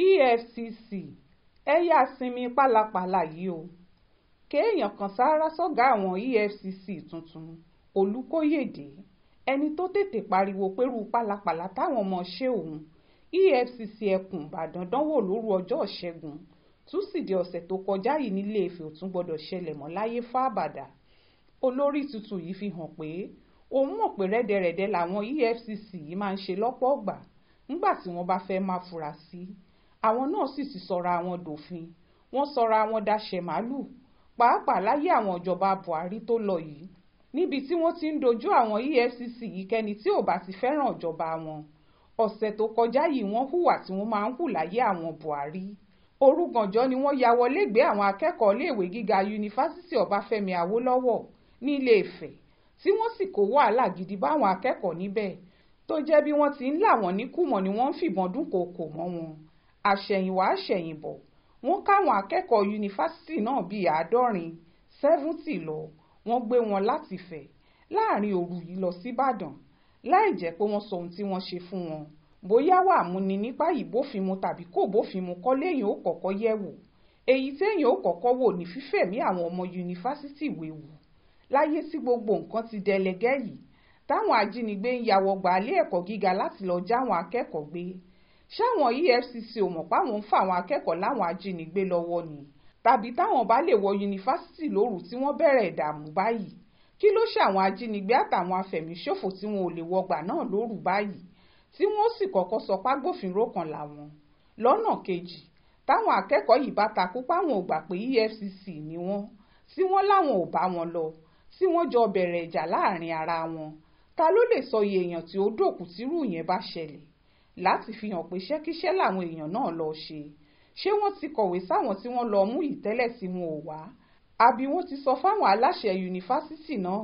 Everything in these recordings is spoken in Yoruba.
efcc ẹ yáa sinmi pálapàla yìí o kéèyàn kan sáárá sọ́gà àwọn efcc tuntun olùkóyèdè ẹni tó tètè pariwo pẹ̀lú pálapàla táwọn ọmọ ṣé òun efcc ẹkùn ìbàdàn dánwò lóru ọjọ́ ìṣẹ́gun túsìdìí ọ̀sẹ̀ tó kọjá yìí nílé Ifẹ̀ ò tún gbọ́dọ̀ ṣẹlẹ̀ mọ́ láyé fábàdà olórí tuntun yìí fi hàn pé òun mọ̀ pé rẹ́dẹrẹ́dẹ làwọn efcc yìí máa ń ṣe lọ́pọ̀ ọgbà nígbà tí wọ́n bá fẹ́ máa fura sí i àwọn náà sì ti sọra wọn dòfin wọ́n sọra wọn daṣẹ̀ màálùú pàápàá láyé àwọn ìjọba Buhari tó lọ yìí níbi tí wọ́n ti ń dojú àwọn EFCC yìí kẹ́ni tí ò bá ti fẹ́ràn ìjọba wọn ọ̀sẹ̀ tó kọjá yìí wọ́n hùwà tí wọ́n máa ń hù láyé àwọn Buhari orúgànjọ́ ni wọ́n ya wọlégbé àwọn akẹ́kọ̀ọ́ iléèwé gíga yunifásitì Ọbáfẹ́mi Awólọ́wọ̀ ní Ilé-Ifẹ̀ tí wọ́n sì kó wàhálà gidi báwọn akẹ́kọ̀ọ́ níbẹ̀ tó jẹ́ bí wọ́n ti ń là níkùmọ̀ ni wọ́n ń fìbọn dúnkookò mọ́ wọn àṣẹ̀yìnwá àṣẹ̀yìnbọ̀ wọ́n káwọn akẹ́kọ̀ọ́ yunifásitì náà bíi àádọ́rin seventy lọ wọ́n gbé wọn láti fẹ̀ láàrin òru yìí lọ síbàdàn láì jẹ́ pé wọ́n sọ ohun tí wọ́n ṣe fún wọn bóyá wà múni nípa ìbófinmu tàbí kò bófinmu kọ́ léyìn ó kọ́kọ́ yẹ̀ wò èyí téèyàn ó kọ́kọ́ wò ní fífẹ̀mí àwọn ọmọ yunifásitì wéwu láyé tí gbogbo nǹkan ti dẹlẹgẹ́ yìí táwọn ajínigbé ń ya wọgbà ẹ̀kọ́ gíga láti lọ jáwọn akẹ́kọ̀ọ́ gbé ṣáwọn EFCC ò mọ̀ páwọn ń fáwọn akẹ́kọ̀ọ́ láwọn ajínigbé lọ́wọ́ ni tàbí táwọn bá lè wọ yunifásitì lóru tí wọ́n bẹ̀rẹ̀ ìdààmú báyìí kí ló ṣe àwọn ajínigbé àtàwọn afẹ̀míṣòfò tí wọn ò lè wọgbà náà lóru báyìí tí wọ́n sì kọ́kọ́ sọ págbófinró kan làwọn lọ́nà kejì táwọn akẹ́kọ̀ọ́ yìí bá takú páwọn ò gbà pé EFCC ni wọ́n tí wọ́n láwọn ò bá wọn lọ tí wọ́n jọ bẹ̀rẹ̀ ìjà láàrin ara wọn ta ló lè sọ iye èèyàn tí ó dòkú tírú yẹn bá ṣẹlẹ̀ láti fi hàn pé iṣẹ́kíṣẹ́ làwọn èèyàn náà lọ ṣe ṣé wọ́n ti kọ̀wé sáwọn tí wọ́n lọ mú ìtẹ́lẹ̀ tí wọn ò wá àbí wọ́n ti sọ fáwọn aláṣẹ yunifásitì náà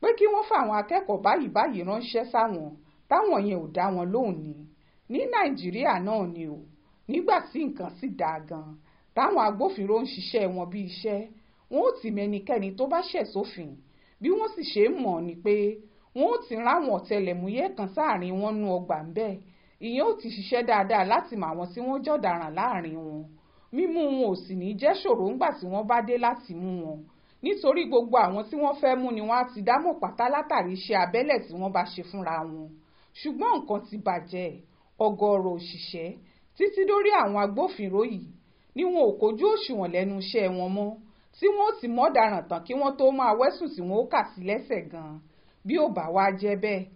pé kí wọ́n fáwọn akẹ́kọ̀ọ́ báyìí báyìí ránṣẹ́ sáwọn táwọn yẹn ò dá wọn lóhùn ni ní nàìjíríà náà ni o nígbà tí nǹkan sì dáa gan táwọn agbófinró ń ṣiṣẹ́ wọn bí iṣẹ́ wọn ò tì mẹ́nikẹ́ni tó bá ṣẹ̀ sófin bí wọ́n sì ṣe ń mọ̀ ni pé wọ́n ò ti ráwọn ọ̀tẹlẹ̀múyẹ́ kan sáàrin wọn nú ọgbà ń bẹ́ẹ̀ ìyẹn ò ti ṣiṣẹ́ dáadáa láti mọ àwọn tí wọ́n jọ̀daràn láàrin wọn mímú wọn ò sì ní jẹ́ ṣòro ńgbà tí wọ́n bá dé láti mú wọn nítorí gbogbo àwọn tí wọ́n fẹ́ mú ni wọ́n á ti dámọ̀ pátá látàrí iṣẹ́ abẹ́lẹ̀ tí wọ́n bá ṣe fúnra wọn ṣùgbọ́n nǹkan ti bàjẹ́ ọ̀gọ̀ọ̀rọ̀ òṣìṣẹ́ títí dórí àwọn agbófinró yìí ni wọn ò kojú òṣùwọ̀n lẹ́nu iṣẹ́ wọn mọ́ tí wọn ò sì mọ̀daràn tán kí wọ́n tó máa wẹ́sùn tí wọ́n ó kà sí lẹ́sẹ̀ gan bí ó bá wá jẹ́ bẹ́ẹ̀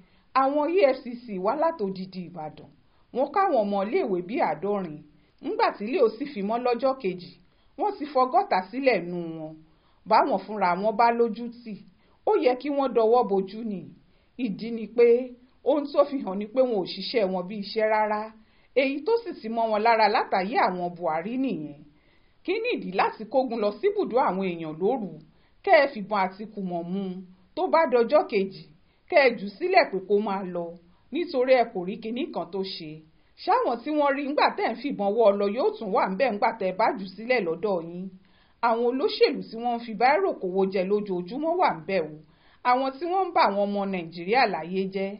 àwọn EFCC wá látòdìdí Ìbàdàn wọ́n káwọn ọmọléèwé bíi àádọ́rin ńgbà tílé ó sì fi mọ́ lọ́jọ́ kejì wọ́n ti fọgọ́ta sílẹ̀ nù wọn báwọn fúnra wọn bá lójú tì ó yẹ kí wọ́n dọwọ́ bojú ni ìdí ni pé ohun tó fi hàn ni pé wọn ò ṣiṣẹ́ wọn bí iṣẹ́ rárá èyí tó sì ti mọ́ wọn lára látàyé àwọn Buhari nìyẹn kí nìdí láti kógun lọ síbùdó àwọn èèyàn lóru kẹ́ ẹ fìbọn àti kùmọ̀ mú tó bá dọjọ́ kejì kẹ́ ẹ jù sílẹ̀ pé kó máa lọ nítorí ẹ kò rí kinní kan tó ṣe ṣáwọn tí wọ́n rí ńgbà tẹ́ ń fìbọn wọ́ ọ lọ yóò tún wà ńbẹ̀ ńgbà tẹ́ bá jù sílẹ̀ lọ́dọ̀ yín àwọn olóṣèlú tí wọ́n ń fi báírò kówó jẹ lójoojúmọ́ wà ńbẹ̀ o àwọn tí wọ́n ń bà àwọn ọmọ nàìjíríà láyé jẹ́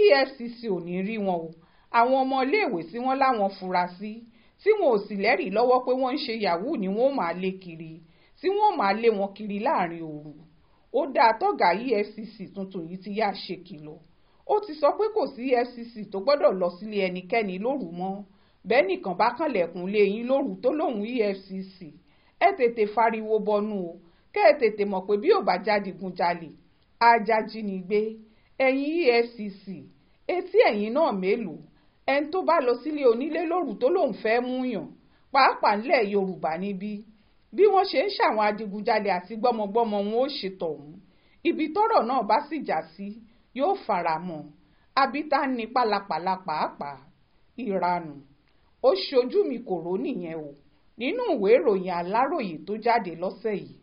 EFCC ò ní rí wọn o àwọn ọmọ iléèwé tí wọ́n láwọn fura sí tí wọn ò sì lẹ́rìí lọ́wọ́ pé wọ́n ń ṣe yahoo ni wọ́n máa lé kiri tí wọ́n máa lé wọn kiri láàrin òru ó dáa tọ́gà EFCC tuntun yìí ti yá ṣèkìlọ̀ ó ti sọ pé kò sí EFCC tó gbọ́dọ̀ lọ sílé ẹnikẹ́ni lóru mọ́ bẹ́ẹ̀ nìkan bá kànlẹ̀kùn lé yín lóru tó lóun EFCC ẹ tètè fariwo bọnú o kẹ́ ẹ tètè mọ̀ pé bí ò bá jadigunjalè ajajínigbé ẹ̀yin EFCC etí ẹ̀yin náà mélòó ẹni tó bá lọ sílé onílé lóru tó lóun fẹ́ mú yàn pàápàá ńlẹ̀ Yorùbá níbí bí wọ́n ṣe ń ṣàwọn adigunjalè àti gbọ́mọgbọ́mọ wọn ó ṣètò ọ̀hún ibi tọ́rọ̀ náà bá sì já sí si yóò fara mọ́ abita ní pálapàla pàápàá ìranù ó ṣojú mi kò rò nìyẹn o nínú ìwé ìròyìn aláròye tó jáde lọ́sẹ̀ yìí